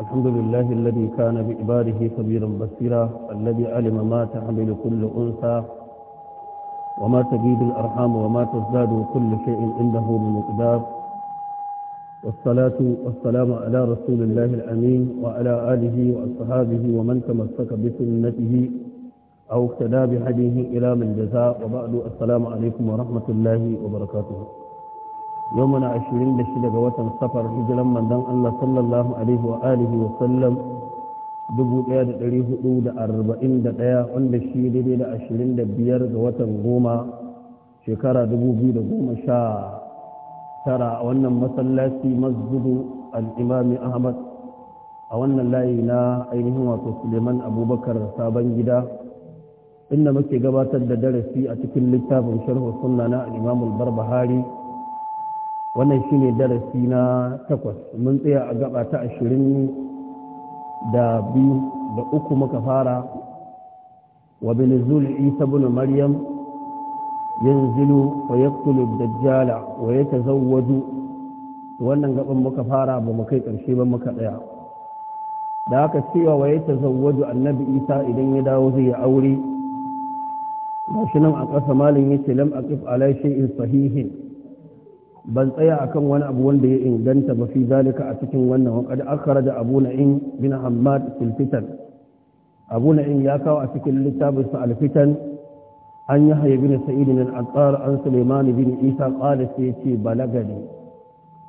الحمد لله الذي كان بإباره خبيرا بصيرا الذي علم ما تحمل كل أنثى وما تجيد الأرحام وما تزداد كل شيء عنده بمقدار والصلاة والسلام على رسول الله الأمين وعلى آله وأصحابه ومن تمسك بسنته أو اقتدى بهديه إلى من جزاء وبعد السلام عليكم ورحمة الله وبركاته yau muna ashirin da shi daga watan safar hijiran manzon Allah sallallahu alaihi wa alihi wa sallam dubu ɗaya da ɗari hudu da arba'in da ɗaya wanda shi daidai da ashirin da biyar ga watan goma shekara dubu biyu da goma sha tara a wannan masallaci masjidu al'imami ahmad a wannan layi na ainihin wato suleiman abubakar sabon gida inda muke gabatar da darasi a cikin littafin sharhu sunna na al'imamul barbahari wannan shine darasi na takwas mun tsaya a gaba ta ashirin da biyu da uku muka fara wa binzul isa ibn maryam yanzilu wa yaqtulu dajjala wa yatazawwaju wannan gaban muka fara ba mu kai ƙarshe ba muka ɗaya da haka cewa wa yatazawwaju annabi isa idan ya dawo zai yi aure shi nan a ƙasa malin yace lam aqif ala shay'in sahihin ban tsaya akan wani abu wanda ya inganta ba fi zalika a cikin wannan wakad akhraja abu na'in bin hammad fil fitan abu na'in ya kawo a cikin littafin sa alfitan fitan an yahya bin sa'id bin tsara an sulaiman bin isa qala sai ce gari.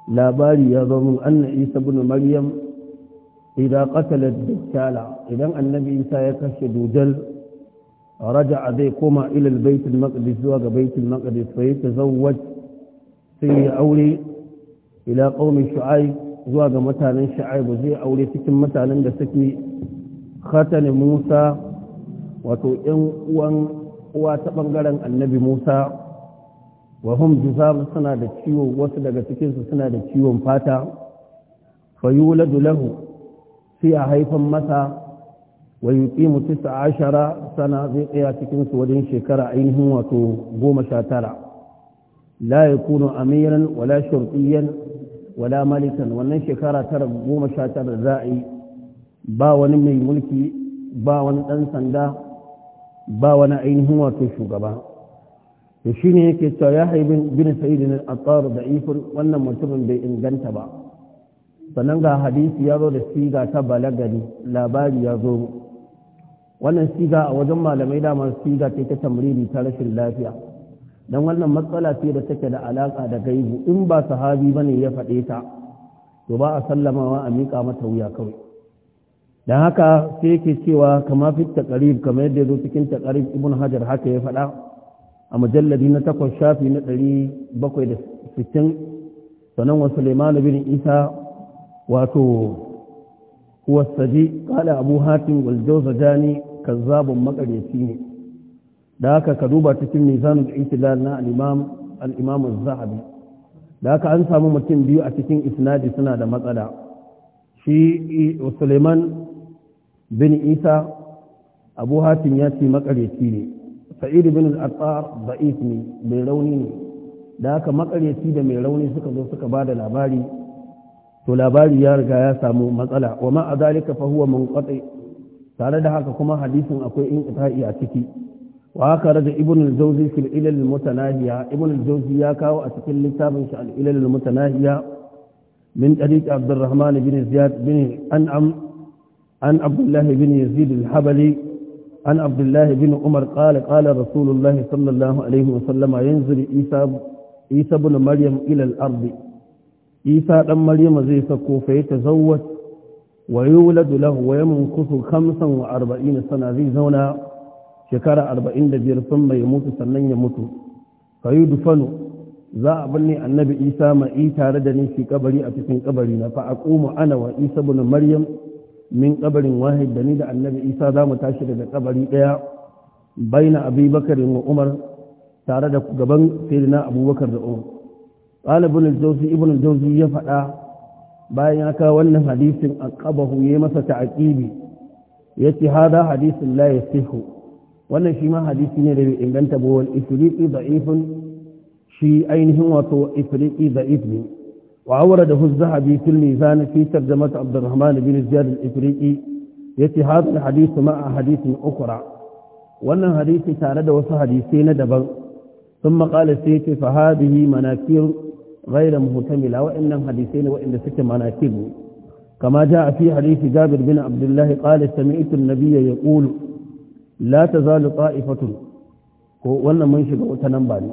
labari ya zo min anna isa bin maryam idan qatala dajjala idan annabi isa ya kashe dujal raja'a zai koma ilal baitul bayt maqdis zuwa ga bayt al-maqdis fa yatazawwaj sai ya aure ila qaumi shu'ai zuwa ga mutanen ba zai aure cikin mutanen da suke khatani Musa wato 'yan uwan uwa ta ɓangaren annabi Musa wa hum juzab suna da ciwo wasu daga cikinsu suna da ciwon fata fayuladu lahu sai a haifan masa wa yuqimu 19 sana zai tsaya cikinsu wajen shekara ainihin wato goma sha tara. la amiran wala shurtiyan wala malikan wannan shekara tara goma sha tara za a yi ba wani mai mulki ba wani ɗan sanda ba wani ainihin wato shugaba Da shi ne yake cewa ya haibin bin sa'idin al-attar da ifin wannan mutumin bai inganta ba sannan ga hadisi ya zo da siga ta balagari labari ya zo wannan siga a wajen malamai damar siga ce ta tamriri ta rashin lafiya don wannan matsala ce da take da alaƙa da gaibu in ba sahabi ba ya faɗe ta to ba a sallamawa a miƙa mata wuya kawai don haka sai yake cewa kama fi taƙarib kamar yadda ya zo cikin taƙarib ibn hajar haka ya faɗa a mujalladi na takwas shafi na ɗari bakwai da sittin wa suleiman bin isa wato huwa saji kala abu hatim waljau zajani kazzabun makaryaci ne da haka ka duba cikin mizanul itidal na al-imam zahabi da haka an samu mutum biyu a cikin isnadi suna da matsala shi Suleiman bin Isa Abu Hatim ya ce makareci ne Sa'id bin al da ne mai rauni ne da haka makareci da mai rauni suka zo suka ba da labari to labari ya riga ya samu matsala wa ma zalika fahuwa mun munqati tare da haka kuma hadisin akwai in a ciki وهكذا رد ابن الجوزي في العلل المتناهية ابن الجوزي ياكاو أتكل لتاب العلل المتناهية من طريق عبد الرحمن بن زياد بن أنعم عن عبد الله بن يزيد الحبلي عن عبد الله بن عمر قال قال رسول الله صلى الله عليه وسلم ينزل عيسى عيسى بن مريم إلى الأرض عيسى بن مريم زي سكو فيتزوج ويولد له ويمنقص خمسا وأربعين سنة زي زونا shekara arba'in da biyar sun mai mutu sannan ya mutu ka yi dufanu za a binne annabi isa ma'i tare da ni kabari a cikin kabari na fa aqumu ana wa isa bin maryam min kabarin wahid da ni da annabi isa za mu tashi daga kabari daya baina abubakar wa umar tare da gaban sayyidina abubakar da umar qala ibn jawzi ibn jawzi ya faɗa bayan ya kawo wannan hadisin aqabahu yayi masa ta'qibi yace hada hadisin la yasihu wannan shi ma hadisi ne da bai inganta ba wal ifriqi da'ifun shi ainihin wato ifriqi da'if ne wa awrada hu zahabi fil mizan fi tarjamat abdurrahman bin ziyad al ifriqi yace hadha al hadith ma hadithin ukhra wannan hadisi tare da wasu hadisi na daban ثم قال سيتي فهذه مناكير غير مهتملة وإن حديثين وإن سك مناكير كما جاء في حديث جابر بن عبد الله قال سمعت النبي يقول la ta zalu ta'ifatun ko wannan mun shiga wata nan ba ne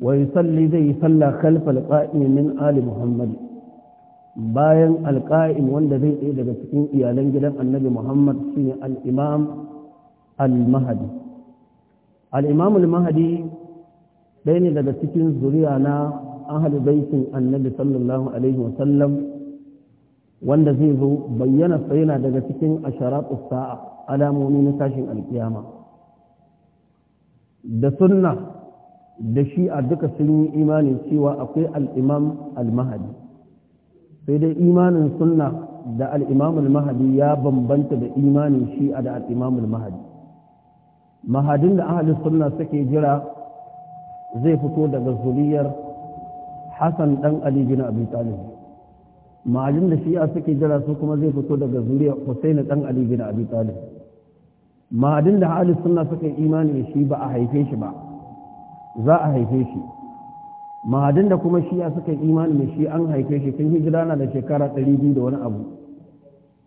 wa yusalli zai yi salla khalfal qa'im min ali muhammad bayan alqa'im wanda zai tsaye daga cikin iyalan gidan annabi muhammad shine al-imam al-mahdi al-imam al-mahdi ɗaya ne daga cikin zuriya na ahli baitin annabi sallallahu alaihi sallam. wanda zai zo bayyana sa yana daga cikin asharatu sa'a alamomi na tashin alkiyama da sunna da shi'a duka sun yi imani cewa akwai alimam al mahadi sai dai imanin sunna da al al mahadi ya bambanta da imanin shi'a da al al mahadi mahadin da ahalin sunna suke jira zai fito daga zuriyar hassan dan ali bin abi talib ma'ajin da shi'a suke jira su kuma zai fito daga zuriya Hussein ɗan Ali bin Abi Talib ma'ajin da ahli suna suka yi imani da shi ba a haife shi ba za a haife shi ma'ajin da kuma shi'a suka yi imani da shi an haife shi tun hijira na da shekara ɗari biyu da wani abu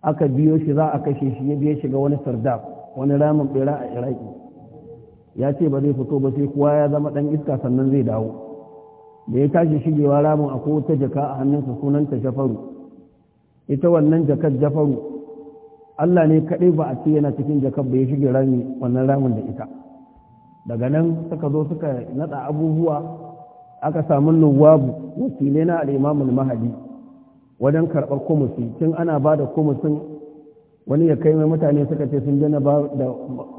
aka biyo shi za a kashe shi ya biye shiga wani sardab wani ramin bera a iraki ya ce ba zai fito ba sai kowa ya zama ɗan iska sannan zai dawo da ya tashi shigewa ramin a wata jaka a hannunsa sunanta jafaru ita wannan jakar jafaru Allah ne kaɗai ba a ce yana cikin jakar ba ya shige rami wannan ramin da ita daga nan suka zo suka nada abubuwa aka samu nuwabu wakilai na al'imamul mahadi wajen karɓar kumusi tun ana ba da kumusin wani ya kai mai mutane suka ce sun jana ba da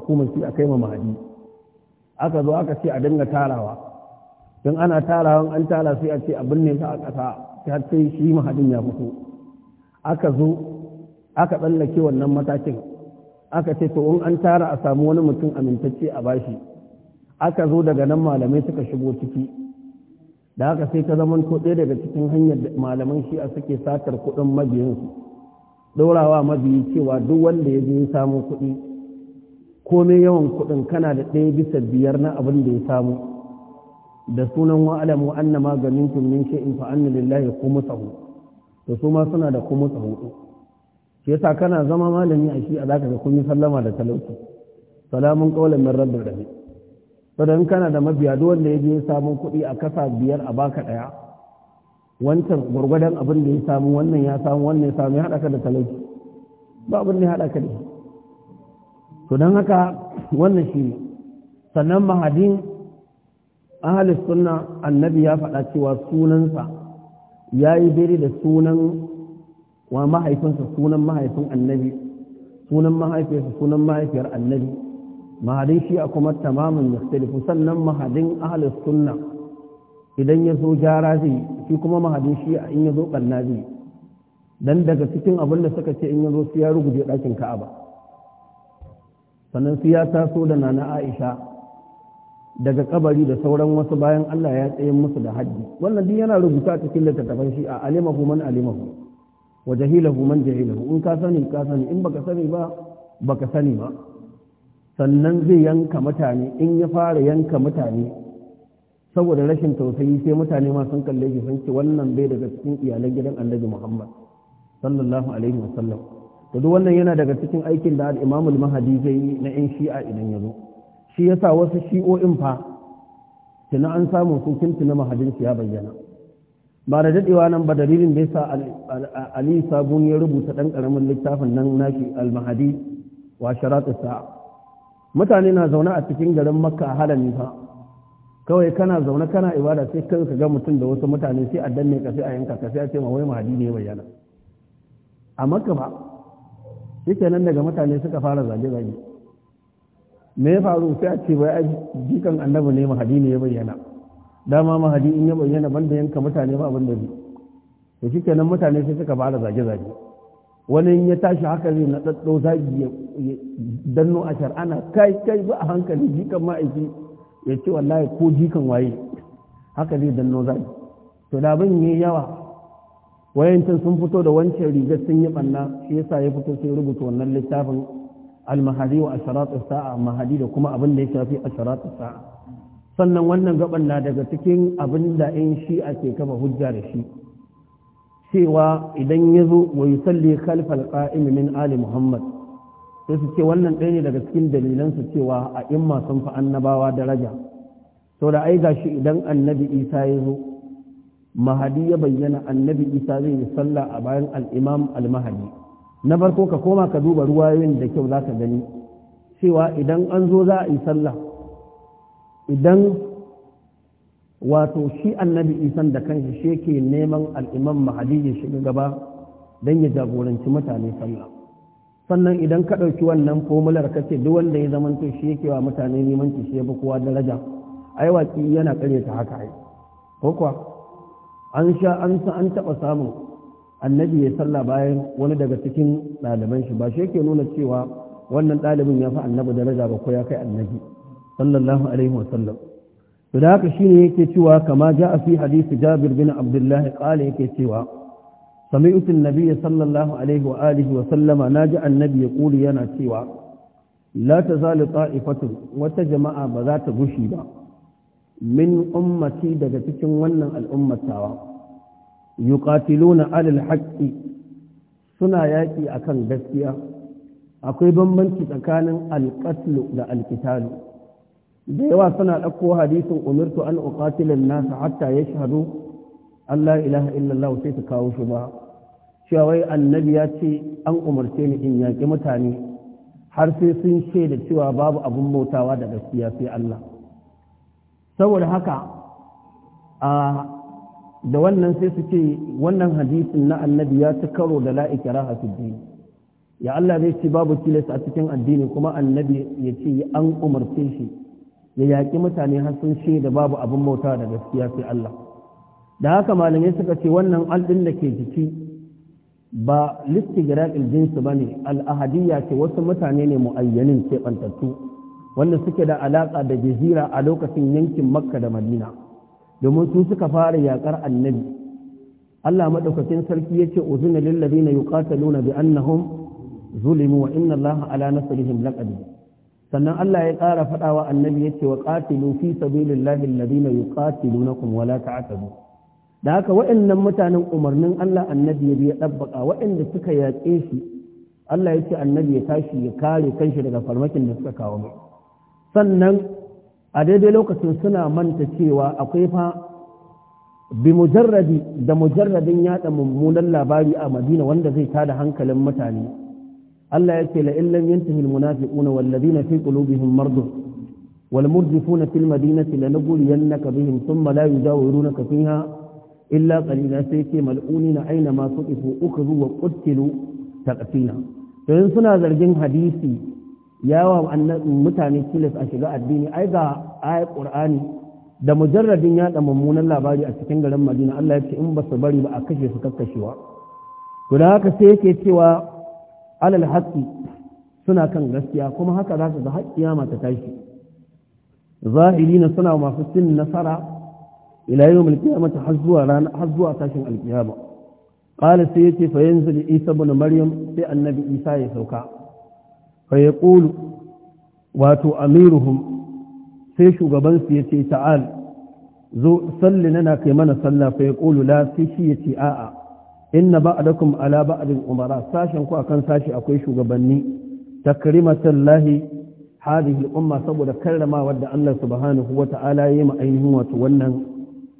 kumusi a kai mahadi aka zo aka ce a dinga tarawa don ana tarawa an tara sai a ce abin ne ta a ƙasa ta ce shi mahadin ya fito aka zo aka tsallake wannan matakin aka ce to in an tara a samu wani mutum amintacce a bashi aka zo daga nan malamai suka shigo ciki da haka sai ta zama to daga cikin hanyar malaman shi'a suke satar kuɗin mabiyansu ɗaurawa mabiyi cewa duk wanda ya je ya samu kuɗi komai yawan kuɗin kana da ɗaya bisa biyar na abin da ya samu da sunan wa'alamu anna ma gamintum min shay'in fa anna lillahi khumsahu to su ma suna da khumsahu shi yasa kana zama malami a shi a zaka ga kun yi sallama da talauci salamun qawlan min rabbil alamin sadan kana da mabiya duk wanda ya je ya samu kuɗi a kasa biyar a baka daya wancan gurgurdan abin da ya samu wannan ya samu wannan ya samu ya hada ka da talauci ba abin da ya hada ka da to dan haka wannan shi sannan mahadin ahalis sunna annabi ya faɗa cewa sunansa ya yi daidai da sunan wa mahaifinsa sunan mahaifin annabi sunan sunan mahaifiyar annabi mahadin shi a kuma tamamin yastalifu sannan mahadin ahalis sunna idan ya zo gyara zai shi kuma mahadin shi in ya zo ɓanna zai dan daga cikin abin da suka ce in ya zo su ya ruguje ɗakin ka'aba sannan su ya taso da nana aisha daga kabari da sauran wasu bayan Allah ya tsaye musu da haddi wannan duk yana rubuta cikin littattafan shi a alimahu man alimahu wa jahilahu man jahilahu in ka sani ka sani in baka sani ba baka sani ba sannan zai yanka mutane in ya fara yanka mutane saboda rashin tausayi sai mutane ma sun kalle shi sun ce wannan bai daga cikin iyalan gidan Annabi Muhammad sallallahu alaihi wasallam to duk wannan yana daga cikin aikin da al-Imam mahdi zai yi na in shi'a idan ya zo shi yasa wasu shi'o'in fa tuna an samu sun na mahadin ya bayyana ba da dadewa nan ba dalilin da yasa ali sabun ya rubuta ɗan karamin littafin nan nashi al-mahadi wa sharat sa'a mutane na zaune a cikin garin makka a halami fa kawai kana zaune kana ibada sai kai ka ga mutum da wasu mutane sai a danne ka sai a yanka ka sai a ce ma wai mahadi ne bayyana a makka ba yake nan daga mutane suka fara zage-zage me ya faru sai a ce bai a jikan annabi ne mahadi ne ya bayyana dama mahadi in ya bayyana banda yanka mutane ba abin da bi to shi kenan mutane sai suka fara zage-zage wani ya tashi haka zai na ɗaɗɗo zagi ya danno a shar'ana kai kai ba a hankali jikan ma'aiki ya ce wallahi ko jikan waye haka zai danno zagi to da abin ya yawa wayancin sun fito da wancan rigar sun yi ɓanna shi yasa ya fito sai rubuta wannan littafin almahadi wa asharatu sa'a mahadi da kuma abin da ya shafi asharatu sa'a sannan wannan gaban na daga cikin abin da in shi ake kafa hujja da shi cewa idan ya zo wa salli khalfal qa'im min ali muhammad sai su ce wannan ɗaya ne daga cikin dalilan su cewa a imma sun fi annabawa daraja to da ai gashi idan annabi isa ya zo mahadi ya bayyana annabi isa zai yi sallah a bayan al-imam al-mahadi na farko ka koma ka duba ruwa ruwayoyin da kyau za ka gani cewa idan an zo za a yi sallah idan wato shi annabi isan da kanshi shi ke neman al'imam mahadi ya shiga gaba don ya jagoranci mutane sallah sannan idan ka ɗauki wannan fomular ka ce duk wanda ya to shi yake wa mutane neman shi ya kowa daraja ai waƙi yana ta haka ai ko kuwa an sha an taɓa samun annabi ya salla bayan wani daga cikin ɗaliban shi ba shi yake nuna cewa wannan ɗalibin ya fi annabi daraja ba ko ya kai annabi sallallahu alaihi wasallam to da haka shine yake cewa kama ja fi hadisi jabir bin abdullahi qala yake cewa sami'tu an-nabiy sallallahu alaihi wa alihi wa sallama naji annabi ya kuli yana cewa la tazalu ta'ifatu wata jama'a ba za ta gushi ba min ummati daga cikin wannan al'ummatawa yuqatiluna alal haqqi suna yaki akan gaskiya akwai bambanci tsakanin alqatlu da alqitalu da yawa suna ɗauko hadisin umirtu an uqatilan nas hatta yashhadu an la ilaha illallah sai su kawo shi ba cewa wai annabi ya ce an umarce ni in yaƙi mutane har sai sun ce da cewa babu abun bautawa da gaskiya sai Allah saboda haka a da wannan sai su ce wannan hadisin na annabi ya ci karo da la'ikira a fiddini ya Allah zai ce babu tilas a cikin addini kuma annabi ya ce an umarce shi ya yaƙi mutane har sun shaida babu abin bauta da gaskiya sai Allah da haka malamai suka ce wannan alɗin da ke jiki ba listigirar jinsi ba ne al'ahadiyya ce wasu mutane ne mu'ayyanin keɓantattu wanda suke da alaƙa da jazira a lokacin yankin makka da madina domin su suka fara yakar annabi Allah madaukakin sarki yace uzuna lil ladina yuqataluna bi annahum zulimu wa inna Allah ala nasrihim laqadir sannan Allah ya ƙara faɗawa annabi yace wa qatilu fi sabilillahi alladina yuqatilunakum wa la ta'tadu da haka waɗannan mutanen umarnin Allah annabi ya bi ya dabbaka waɗanda suka yaƙe shi Allah yace annabi ya tashi ya kare kanshi daga farmakin da suka kawo mai sannan a daidai lokacin suna manta cewa akwai fa bi mujarradi da mujarradin yada mummunan labari a madina wanda zai tada hankalin mutane Allah ya ce la illan yantahi almunafiquna walladhina fi qulubihim na wal murjifuna fil madinati lanughriyannaka bihim thumma la yujawirunaka fiha illa qalila sai ce mal'unina aina ma suqifu ukhru wa qutilu taqtina to suna zargin hadisi yawa mutane tilas a shiga addini ai ga ayat qur'ani da mujarradin yaɗa mummunan labari a cikin garin madina allah ya ce in ba su bari ba a kashe su kakkashewa to da haka sai yake cewa alal haqqi suna kan gaskiya kuma haka za su ga haƙƙiya mata tashi zahiri na suna masu cin nasara ila yau mulkiyamata har zuwa rana har zuwa tashin alƙiyama. qala sai yace fa yanzu isa ibn maryam sai annabi isa ya sauka fa wato amiruhum sai shugabansu ya ce ta'al zo salli nana kai mana sallah fa ya la sai shi ya ce a'a inna ba'adakum ala ba'adin umara sashen ku akan sashi akwai shugabanni takrimatan lahi hadhihi al-umma saboda karrama wadda Allah subhanahu wa ta'ala ya yi ainihin wato wannan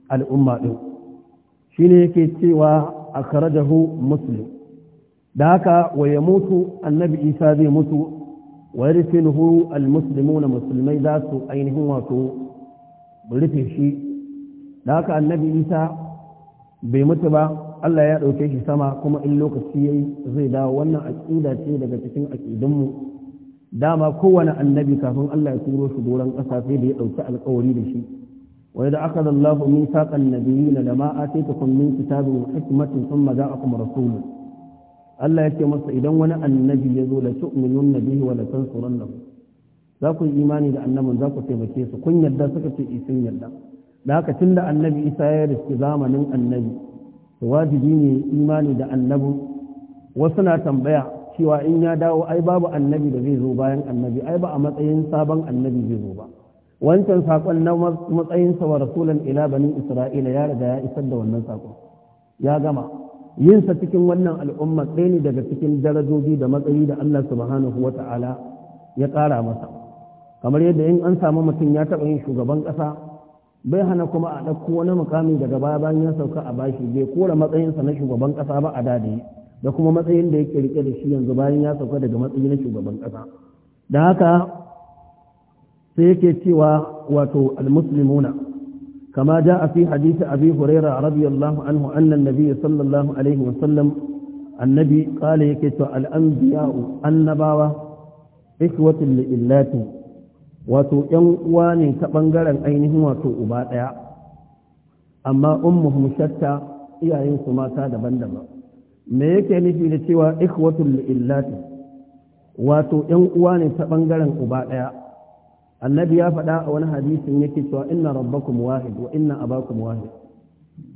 al'umma din shine yake cewa akhrajahu muslim da haka wa ya mutu annabi isa zai mutu wa rufinuhu almuslimuna musulmai za su ainihin wato rufe shi da haka annabi isa bai mutu ba Allah ya ɗauke shi sama kuma in lokaci yayi zai dawo wannan aƙida ce daga cikin aƙidunmu dama kowane annabi kafin Allah ya turo shi doron ƙasa sai da ya ɗauki alƙawari da shi وإذا أخذ الله ميثاق النبيين لما آتيتكم من كتاب وحكمة ثم جاءكم رسول Allah ya ce masa idan wani annabi ya zo la tu'minun nabihi wa la tansurunna za ku yi imani da annabin za ku taimake su kun yarda suka ce eh, sun yarda da haka tunda annabi Isa ya riski zamanin annabi to wajibi ne imani da annabin, wasu na tambaya cewa in ya dawo ai babu annabi da zai zo bayan annabi ai ba a matsayin sabon annabi zai zo ba wancan saƙon na matsayinsa wa rasulan ila banin isra'ila ya riga ya isar da wannan saƙon ya gama yin sa cikin wannan al'umma ɗaya ne daga cikin darajoji da matsayi da Allah subhanahu wa ta'ala ya ƙara masa kamar yadda in an samu mutum ya taɓa yin shugaban ƙasa bai hana kuma a ɗauko wani mukami daga baya bayan ya sauka a bashi bai kora matsayinsa na shugaban ƙasa ba a dadi da kuma matsayin da yake rike da shi yanzu bayan ya sauka daga matsayi na shugaban ƙasa da haka sai yake cewa wato almuslimuna كما جاء في حديث أبي هريرة رضي الله عنه أن النبي صلى الله عليه وسلم النبي قال يكت الأنبياء النباوة إخوة لإلات واتو ينوان كبنغرا أينهم واتو أبادا أما أمهم شتى إيا ينسو ما تاد بندبا ما يكني في لتوى إخوة لإلات واتو ينوان كبنغرا أبادا annabi ya faɗa a wani hadisin yake cewa inna rabbakum wahid wa inna abakum wahid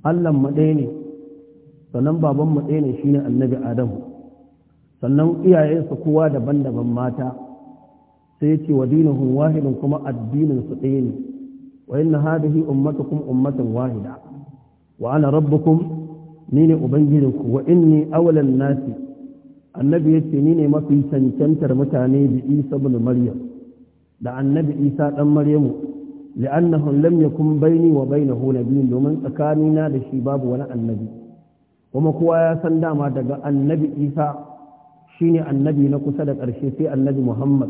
Allah mu ɗaya ne sannan baban mu ɗaya ne shine annabi Adamu sannan iyayensa kowa daban-daban mata sai ce wa dinuhum wahidun kuma addinin su ɗaya ne wa inna hadhihi ummatukum ummatan wahida wa ana rabbukum ni ne ubangijinku wa inni awwalan nasi annabi yace ni ne mafi cancantar mutane bi Isa ibn Maryam da annabi isa ɗan maryamu li'annahum lam yakun baini wa bainahu nabiyyun domin tsakanina da shi babu wani annabi kuma kowa ya san dama daga annabi isa shine annabi na kusa da ƙarshe sai annabi muhammad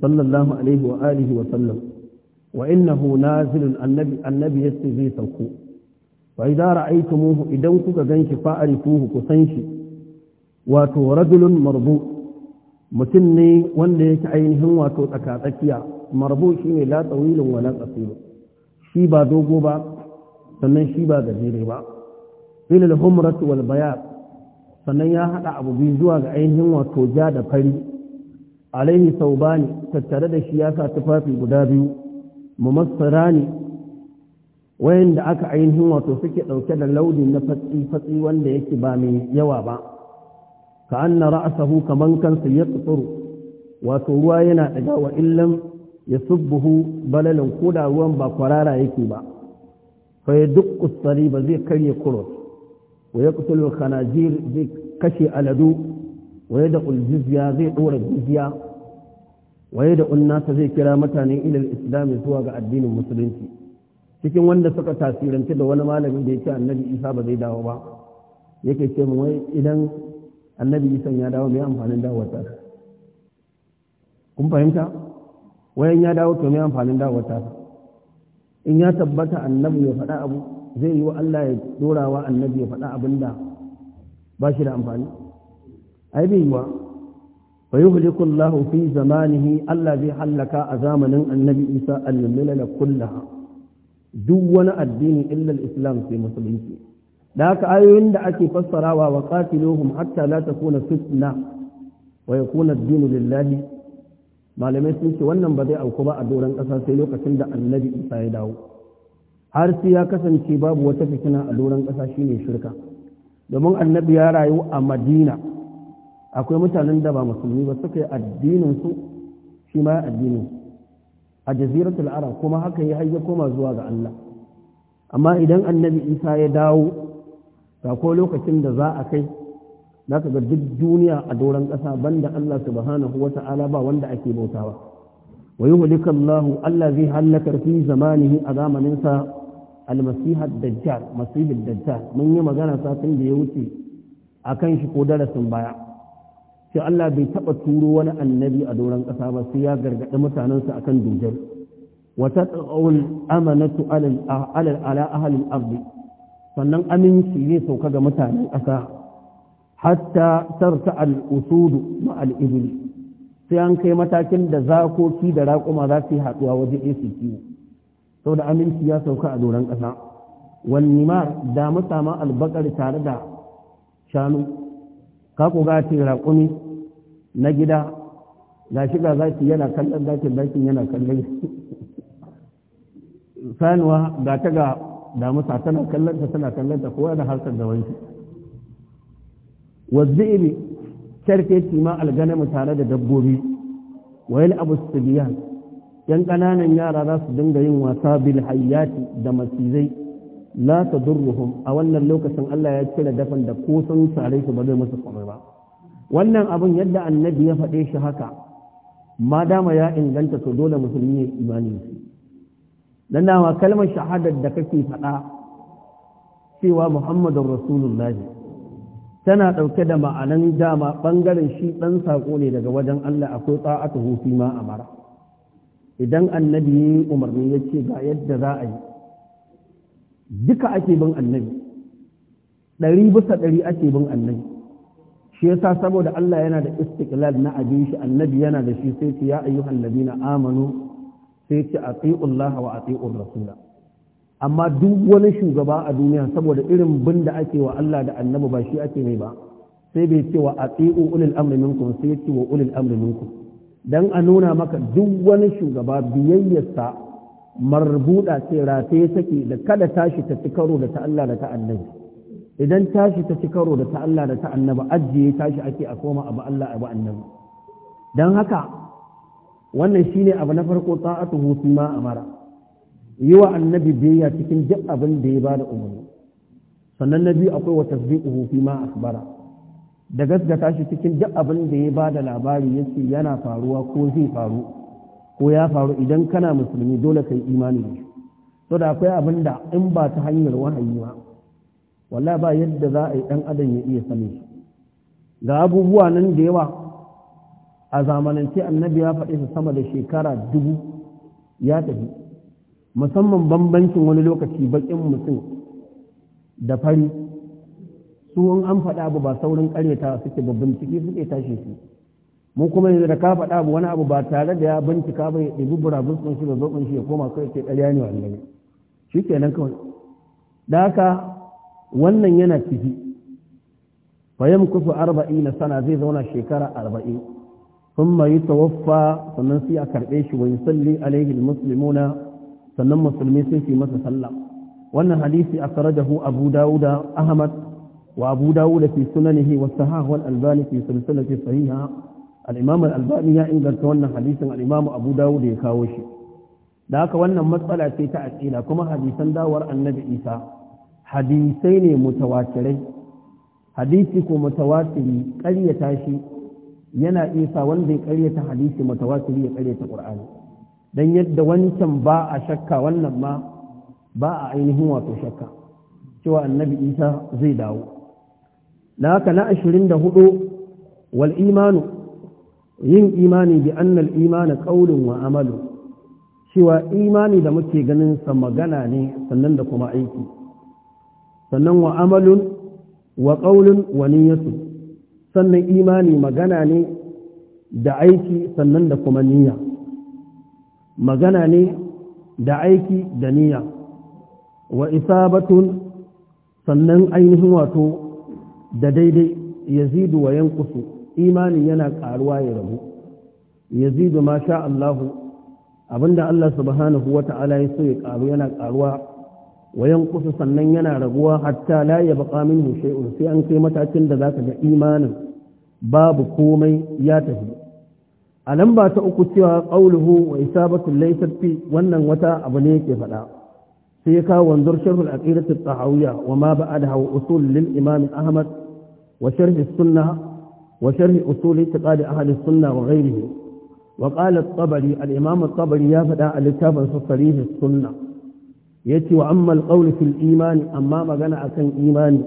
sallallahu alaihi wa alihi wa sallam wa innahu nazilun annabi annabi yace zai sauko wa idza ra'aytumuhu idan kuka ganshi fa'arifuhu ku san shi wato rajulun marbu mutum ne wanda yake ainihin wato tsakatsakiya marbu shi ne la tsawilin wala tsasiru shi ba dogo ba sannan shi ba gajere ba filil humrat wal bayad sannan ya haɗa abu biyu zuwa ga ainihin wato ja da fari alaihi saubani tattare da shi ya sa tufafi guda biyu mumassarani wayanda aka ainihin wato suke ɗauke da launi na fatsi fatsi wanda yake ba mai yawa ba ka anna ra'sahu kaman kansa ya tsuru wato ruwa yana daga wa illam yasubbuhu balalan koda ruwan ba kwarara yake ba fa yadqu ba zai karye kurus wa yaqtulu khanajir zai kashe aladu wa da aljizya zai dora jizya wa yadqu an zai kira mutane ila al-islam zuwa ga addinin musulunci cikin wanda suka tasiranci da wani malamin da ya ce annabi Isa ba zai dawo ba yake ce mu wai idan annabi Isa ya dawo mai amfanin dawowarsa kun fahimta wayan ya dawo to mai amfanin dawowarsa in ya tabbata annabi ya faɗa abu zai yi wa Allah ya dorawa annabi ya faɗa abin da ba shi da amfani ai bai yiwa fa yuhliku Allah fi zamanihi Allah zai hallaka a zamanin annabi Isa al-milala kullaha duk wani addini illa islam sai musulunci da haka ayoyin da ake fassarawa wa qatiluhum hatta la takuna fitna wa yakuna ad din lillahi malamai sun ce wannan ba zai auku ba a doron kasa sai lokacin da annabi isa ya dawo har sai ya kasance babu wata fitina a doron ƙasa shine shirka domin annabi ya rayu a madina akwai mutanen da ba musulmi ba suka yi addinin su shi ma addinin a jaziratul arab kuma haka ya koma zuwa ga Allah amma idan annabi isa ya dawo ko lokacin da za a kai za ka ga duk duniya a doron ƙasa banda Allah subhanahu wa ta'ala ba wanda ake bautawa wa yuhlika Allah Allah zai halakar fi zamanihi a zamanin sa al-masih ad-dajjal masih ad-dajjal mun yi magana satin da ya wuce akan shi ko darasin baya sai Allah bai taba turo wani annabi a doron ƙasa ba sai ya gargaɗi mutanensa akan dujal wa tat'ul amanatu ala ala ahli al sannan aminci zai sauka ga mutanen ƙasa hatta tarta al'usudu ma al'ibili sai an kai matakin da zakoki da raƙuma za su yi haɗuwa waje ɗaya su kiwo da aminci ya sauka a doron ƙasa wani ma da mutama albakar tare da shanu ka ku ga ce raƙumi na gida ga shi ga zaki yana kallon zakin zakin yana kallon sanuwa ga ta ga damusa tana kallon ta tana kallon ta kowa da harkar da wani wazibi sharfe ma alganamu tare da dabbobi wayal abu sibiyan yan kananan yara za su dinga yin wasa bil hayyati da masizai la tadurruhum a wannan lokacin Allah ya cire dafan da ko sun sare su ba zai musu komai ba wannan abun yadda annabi ya faɗe shi haka ma dama ya inganta to dole musulmi ya imani dan nama kalmar shahadar da kake faɗa cewa muhammadun rasulullahi tana ɗauke da ma'anan dama ɓangaren shi ɗan saƙo ne daga wajen allah akwai ta'atu hufi ma amara idan annabi umarni ya ce ga yadda za a yi duka ake bin annabi ɗari bisa ɗari ake bin annabi shi yasa saboda Allah yana da istiqlal na abin shi annabi yana da shi sai ya ayyuhan ladina amanu sai ce ati'ullah wa ati'ur rasula amma duk wani shugaba a duniya saboda irin bin da ake wa Allah da annabi ba shi ake mai ba sai bai ce wa ati'u ulil amri minkum sai ce wa ulil amri minkum dan a nuna maka duk wani shugaba biyayyarsa marbuda ce rataye take da kada tashi ta ci karo da ta Allah da ta annabi idan tashi ta ci karo da ta Allah da ta annabi ajiye tashi ake a koma abu Allah abu annabi dan haka wannan shine abu na farko ta'atuhu fi ma amara yi wa annabi biyayya cikin duk abin da ya bada umarni sannan na biyu akwai wa tasdiquhu fi ma akhbara da gaskata shi cikin duk abin da ya bada labari yace yana faruwa ko zai faru ko ya faru idan kana musulmi dole kai imani da shi da akwai abin da in ba ta hanyar wahayi ba wallahi ba yadda za a yi dan adam ya iya sani ga abubuwa nan da yawa a zamanance annabi ya faɗi su sama da shekara dubu ya tafi musamman bambancin wani lokaci baƙin mutum da fari su in an faɗa abu ba saurin ƙaryata suke ba bincike suke tashi su mu kuma yanzu da ka faɗa abu wani abu ba tare da ya bincika ba ya ɗibi burabus sun shi da zoɓin shi ya koma kai ke ɗarya ne wannan shi ke nan kawai da haka wannan yana ciki fayam kufu arba'ina sana zai zauna shekara arba'in ثم يتوفى sannan sai a karɓe shi wa yusalli alaihi almuslimuna sannan musulmi sai su masa sallah wannan hadisi akhrajahu abu daud ahmad wa abu daud fi sunanihi wa sahahu al-albani fi silsilati sahiha al-imam al-albani ya inganta wannan hadisin al-imam abu daud ya kawo shi da haka wannan matsala ce ta aqida kuma hadisan dawar annabi isa hadisai ne mutawatirai hadisi ko mutawatiri ƙaryata shi yana isa wanda ya karyata hadisi mutawatiri ya karyata qur'ani dan yadda wancan ba a shakka wannan ma ba a ainihin wato shakka cewa annabi isa zai dawo na haka na hudu wal imanu yin imani bi annal imani qaulun wa amalu cewa imani da muke ganin sa magana ne sannan da kuma aiki sannan wa amalun wa qaulun wa niyyatu sannan imani magana ne da aiki sannan da kuma niyya magana ne da aiki da niyya wa isabatun sannan ainihin wato da daidai yazidu wa yankusu imani yana karuwa ya rabu yazidu ma sha Allahu abinda Allah subhanahu wata'ala ya so ya karu yana karuwa wayan kusa sannan yana raguwa hatta layi baka min shay'un sai an kai matakin da zaka ga imanin babu komai ya tafi a lamba ta uku cewa qauluhu wa isabatu laysat fi wannan wata abu ne yake faɗa sai ya kawo wanzur sharh al-aqidati at wa ma ba'adaha wa usul lil imam ahmad wa sharh as-sunnah wa sharh usul i'tiqad ahli as-sunnah wa ghayrihi wa qala at-tabari al-imam ya faɗa a littafin sahih yace wa amma alqawlu fil imani amma magana akan imani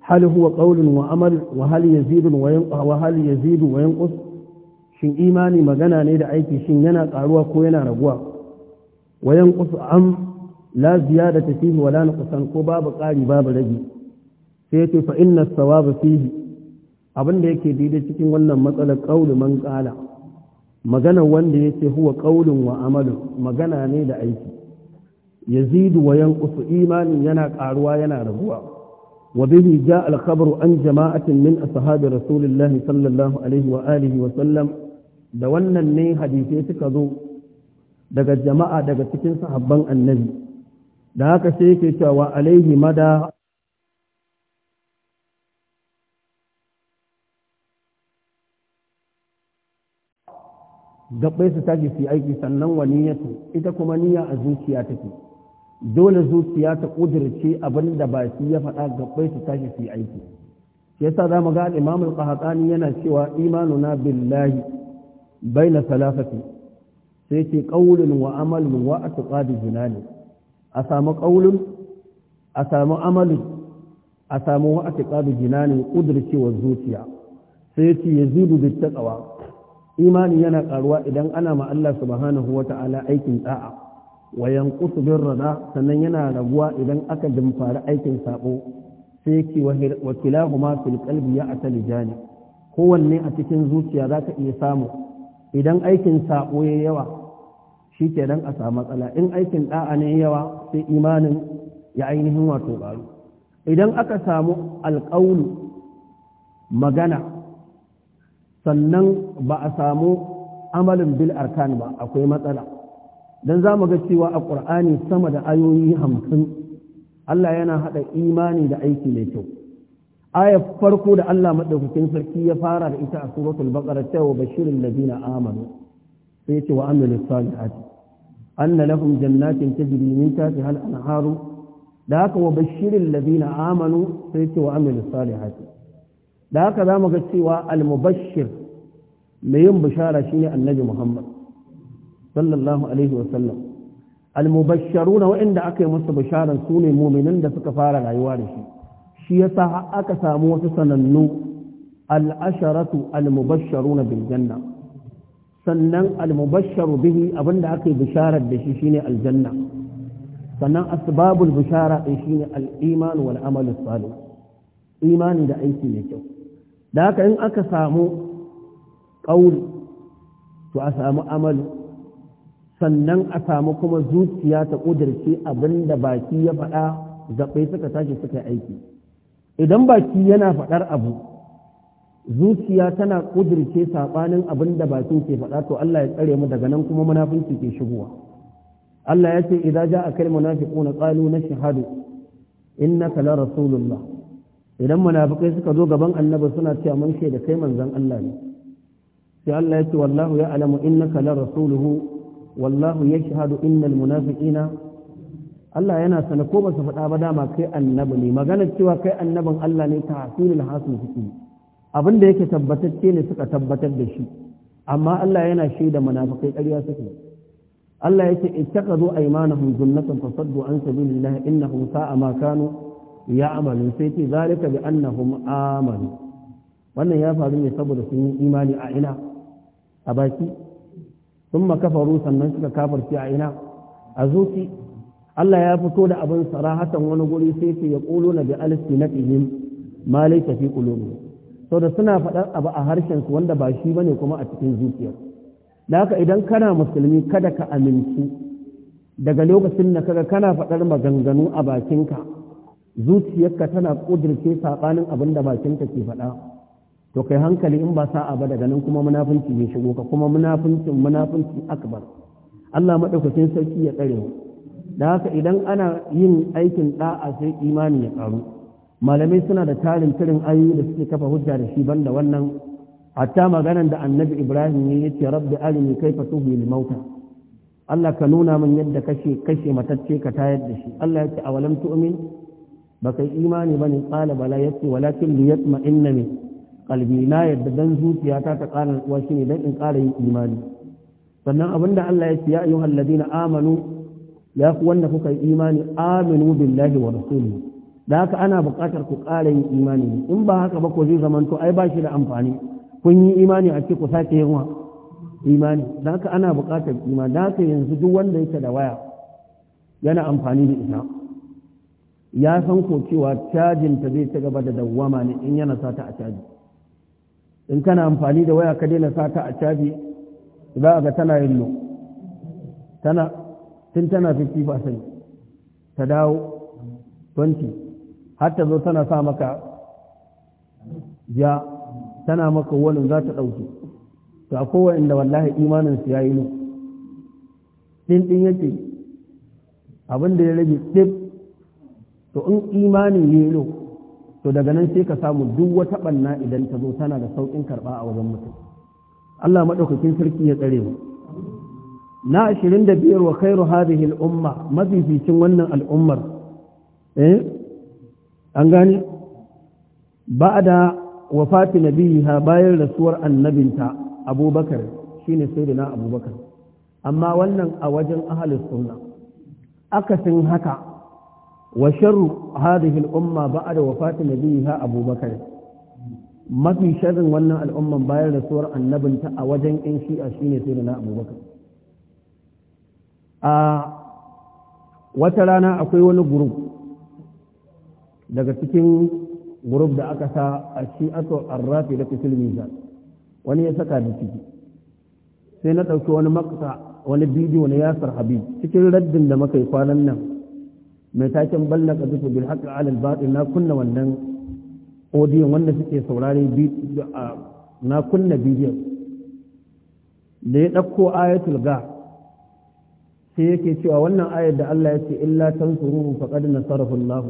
hal huwa qawlun wa amal wa hal yazidu wa wa hal yazidu wa shin imani magana ne da aiki shin yana karuwa ko yana raguwa wa yanqus am la ziyadata fihi wa la nuqsan ko babu qari babu ragi sai yace fa inna as fihi abin da yake daidai cikin wannan matsalar qawlu man qala magana wanda yace huwa qawlun wa amalun magana ne da aiki yazidu wa Yankusu imanin yana karuwa yana raguwa wa bihi ja al an jama'atin min ashabi rasulillah sallallahu alaihi wa alihi wa sallam da wannan ne hadisai suka zo daga jama'a daga cikin sahabban annabi da haka sai yake cewa alaihi mada gabbai su tashi su aiki sannan wa niyyatu ita kuma niyya a zuciya take dole zuciya ta kudirce abin da shi ya faɗa bai su tashi su yi aiki Ya sa za mu ga imam al yana cewa na billahi baina salasati sai ce qaulun wa amalun wa atqadi ne. a samu qaulun a samu amalun a samu wa atqadi jinani wa zuciya sai ce yazidu bit taqwa imani yana ƙaruwa idan ana ma Allah subhanahu ta'ala aikin da'a wa yanqutu bir rada sannan yana raguwa idan aka dimfari aikin sabo sai ki wa kilahuma fil qalbi ya atali jani kowanne a cikin zuciya zaka iya samu idan aikin sabo yayi yawa shikenan a samu matsala in aikin da'a ne yawa sai imanin ya ainihin wato baro idan aka samu alƙawul magana sannan ba a samu amalin bil arkan ba akwai matsala dan za mu ga cewa a ƙur'ani sama da ayoyi hamsin Allah yana haɗa imani da aiki mai kyau ayar farko da Allah maɗaukakin sarki ya fara da ita a suratul baqara cewa bashirin ladina amanu sai ce wa amilus salihati anna lahum jannatin tajri min tahtiha al-anharu da haka wa bashirin ladina amanu sai ce wa amilus salihati da haka zamu ga cewa al-mubashshir mai yin bishara shine annabi Muhammad sallallahu alaihi wasallam almubasharu na waɗanda aka yi musu bisharar su ne muminin da suka fara rayuwa da shi shi ya sa aka samu wasu sanannu al'asharatu almubasharu na biljanna sannan almubasharu bihi abinda aka yi bisharar da shi shine aljanna sannan asbabul bishara ɗin shine al'iman wal amal salih imani da aiki mai kyau da haka in aka samu ƙauli to a samu amalu sannan a samu kuma zuciya ta ƙudurce abinda baki ya faɗa zaɓai suka tashi suka aiki idan baki yana faɗar abu zuciya tana ƙudurce saɓanin abin da bakin ke faɗa to Allah ya tsare mu daga nan kuma munafunci ke shigowa Allah ya ce idan ja a kai munafiquna qalu na shahadu innaka la rasulullah idan munafikai suka zo gaban annabi suna cewa mun shaida kai manzon Allah ne sai Allah ya ce wallahu ya in innaka la rasuluhu wallahu yashhadu innal munafiqina Allah yana sana ko ba su faɗa ba dama kai annabi ne maganar cewa kai annabin Allah ne ta hasilul hasil suke abin da yake tabbatacce ne suka tabbatar da shi amma Allah yana shaida munafikai ƙarya suke Allah yake ittaqadu aymanahum zunnatan fasaddu an sabilillahi innahum sa'a ma kanu ya'malun sai ce zalika bi annahum amanu wannan ya faru ne saboda sun yi imani a ina a baki sun makafaru sannan suka kafarci a ina a zuci Allah ya fito da abin sarahatan wani guri sai ce ya ƙulo na bi alisti na ƙihim ma laita fi ƙulubu sau da suna faɗar abu a harshensu wanda ba shi ba ne kuma a cikin zuciya da haka idan kana musulmi kada ka aminci daga lokacin da kaga kana faɗar maganganu a bakinka zuciyarka tana ƙudirce saɓanin abin da bakinka ke faɗa to kai hankali in ba sa'a ba daga nan kuma munafunci ya shigo ka kuma munafuncin munafunci akbar Allah madaukakin sarki ya tsare mu da haka idan ana yin aikin da'a sai imani ya karu malamai suna da tarin tirin ayoyi da suke kafa hujja da shi banda wannan hatta maganan da annabi ibrahim ne yace rabbi alimi kaifa tuhyi lil mauta Allah ka nuna min yadda kashe kashe matacce ka tayar da shi Allah yace awalam tu'min baka imani bane qala bala yace walakin liyatma inna kalbi na yadda dan zuciya ta ta ƙara nutsuwa shine dan in ƙara yin imani sannan abinda Allah ya ce ya ayyuhal ladina amanu ya ku wanda kuka yi imani aminu billahi wa rasulihi da haka ana buƙatar ku ƙara yin imani in ba haka ba ko zai zama to ai ba shi da amfani kun yi imani a ce ku sake yin wa imani da haka ana buƙatar imani da haka yanzu duk wanda yake da waya yana amfani da ita ya san ko cewa cajin ta zai ci gaba da dawwama ne in yana sata a caji in kana amfani da waya ka daina sata a caji za a ga tana lo tana tun tana 50% ta dawo 20 har ta zo tana sa maka ja tana maka wani za ta ɗauke to a inda wallahi imaninsu ya yi nu ɗin din yake abin da ya rage tip to in imani ya yi to daga nan sai ka samu duk wata banna idan ta zo tana da saukin karba a wajen mutum Allah madaukakin sarki ya tsare mu na 25 wa khairu hadhihi al-umma mafificin wannan al'ummar eh an gane ba'da wafati nabiha bayan rasuwar annabinta abubakar shine sayyidina abubakar amma wannan a wajen ahlus sunna akasin haka wa sharru hadhihi al-umma ba'da wafati nabiha Abu Bakar mafi sharrin wannan al'umman bayan rasuwar annabinta a wajen yan shi'a shine sai na Abu Bakar a wata rana akwai wani group daga cikin group da aka sa a shi'atu arrafi da fitil mizan wani ya saka da ciki sai na ɗauki wani maksa wani bidiyo na yasar habib cikin raddin da muka yi kwanan nan metakin ballaka zuku bil haka alal baɗi na kunna wannan odiyon wanda suke saurari na kunna bidiyon da ya ɗauko ayatul ga sai yake cewa wannan ayar da Allah ya ce illa tan suruhu faqad nasarahu Allah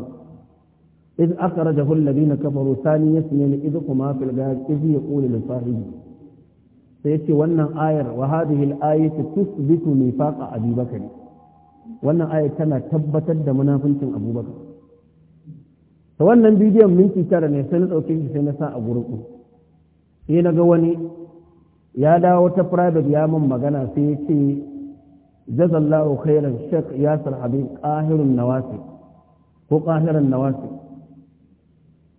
iz akhrajahu alladhina kafaru thani yasmina iz kuma fil ghar iz yaqulu lil sahibi sai yace wannan ayar wa hadhihi al ayatu tusbitu nifaqa abi bakr wannan ayat tana tabbatar da munafincin abubakar ta wannan bidiyon minti tara ne sai na ɗauke shi sai na sa a gurin ku sai na ga wani ya dawo ta private ya min magana sai ya ce jazallahu khairan shek yasir habib qahirun nawasi ko qahiran nawasi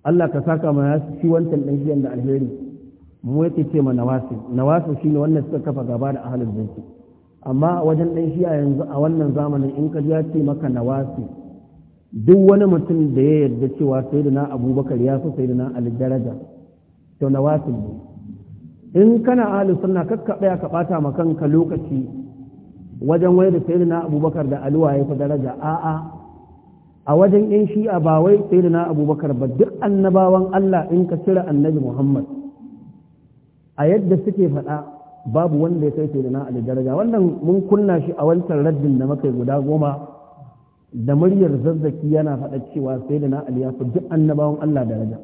Allah ka saka mana shi wancan dan shi da alheri mu yake ce ma nawasi nawasi shine wannan suka kafa gaba da ahlul baiti amma wajen ɗan a yanzu a wannan zamanin in ka ya ce maka nawasi duk wani mutum da ya yarda cewa sai da na abubakar ya fi sai da na daraja to nawasi ne in kana ahli sunna kakka tsaya ka bata ma kanka lokaci wajen wai da sai da na abubakar da aluwa ya fi daraja a'a a wajen yan shi'a ba wai sai na abubakar ba duk annabawan allah in ka cire annabi muhammad a yadda suke faɗa babu wanda ya kai sai na ali daraja wannan mun kunna shi a wancan raddin da muka guda goma da muryar zazzaki yana faɗa cewa sai da na ya duk annabawan Allah daraja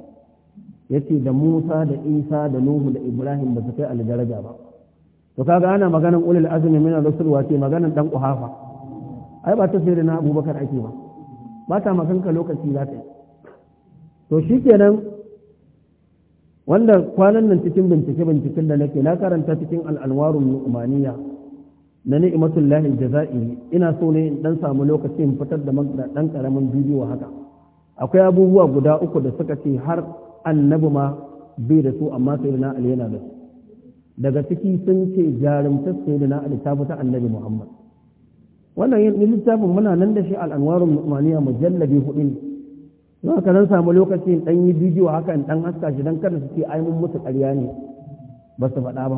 yace da Musa da Isa da Nuhu da Ibrahim ba su kai ali daraja ba to kaga ana maganan ulul azumin mina rasul wa ce maganan dan uhafa ai ba ta sai da na Abubakar ake ba ba ta makanka lokaci za ta yi to shikenan wanda kwanan nan cikin bincike binciken da nake na karanta cikin al'anwarun nu'maniya na ni'imatul lahi jaza'i ina so ne dan samu lokacin fitar da dan karamin bidiyo haka akwai abubuwa guda uku da suka ce har annabi ma bai da su amma sai na ali yana da su daga ciki sun ce jarumta sai da na ali ta annabi muhammad wannan littafin muna nan da shi al'anwarun nu'maniya mujallabi hudu ne don ka zan samu lokaci in ɗan yi bidiyo haka in ɗan haska shi don kada su ce ai mun mutu ƙarya ne ba su faɗa ba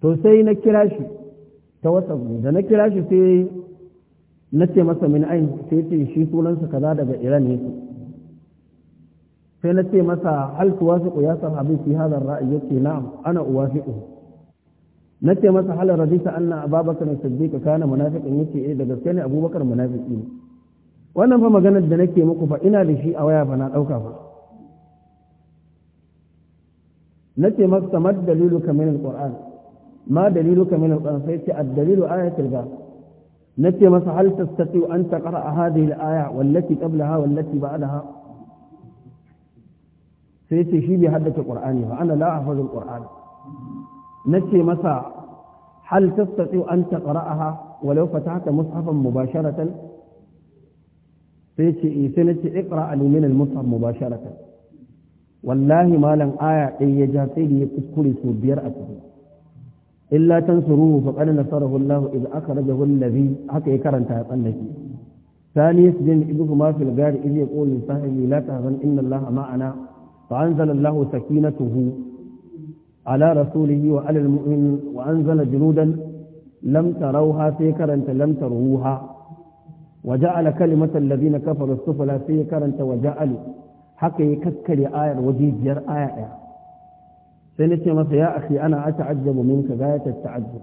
to sai na kira shi ta wasa da na kira shi sai na ce masa min ain sai ce shi sunansa kaza daga iran yake sai na ce masa hal tuwasiqu ya abin fi hadha ar-ra'y yace na'am ana uwasiqu na ce masa hal radita anna ababakar as-siddiq kana munafiqan yace eh da gaske ne abubakar munafiki ne wannan fa maganar da nake muku fa ina da shi a waya ba na ɗauka ba na ce masa ma dalilu kamar alƙur'an ma dalilu kamar alƙur'an sai ce addalilu ayatul ba na ce masa hal tastati an taqra hadhihi al-aya wallati qablaha wallati ba'daha sai ce shi bai haddace qur'ani ba ana la ahfazu al-qur'an na ce masa hal tastati an taqra'aha walau fatahta mushafan mubasharatan sai ce eh sai nace iqra alimin al Mubashara mubasharatan wallahi malam aya ɗaya ya ja sai da ya kuskure su biyar a ciki illa tansuruhu nasarar nasarahu Allah aka akhrajahu alladhi haka ya karanta ya tsallake ثاني يسجن إبهما في الغار إذ يقول لصاحبه لا تهزن إن الله معنا فأنزل الله سكينته على رسوله وعلى المؤمن وأنزل جنودا لم تروها سيكرا لم تروها وجعل كلمة الذين كفروا السفلى في كرنت وجعلوا حق يكسكر آية وجيجر آية سنتي مثلا يا أخي أنا أتعجب منك غاية التعجب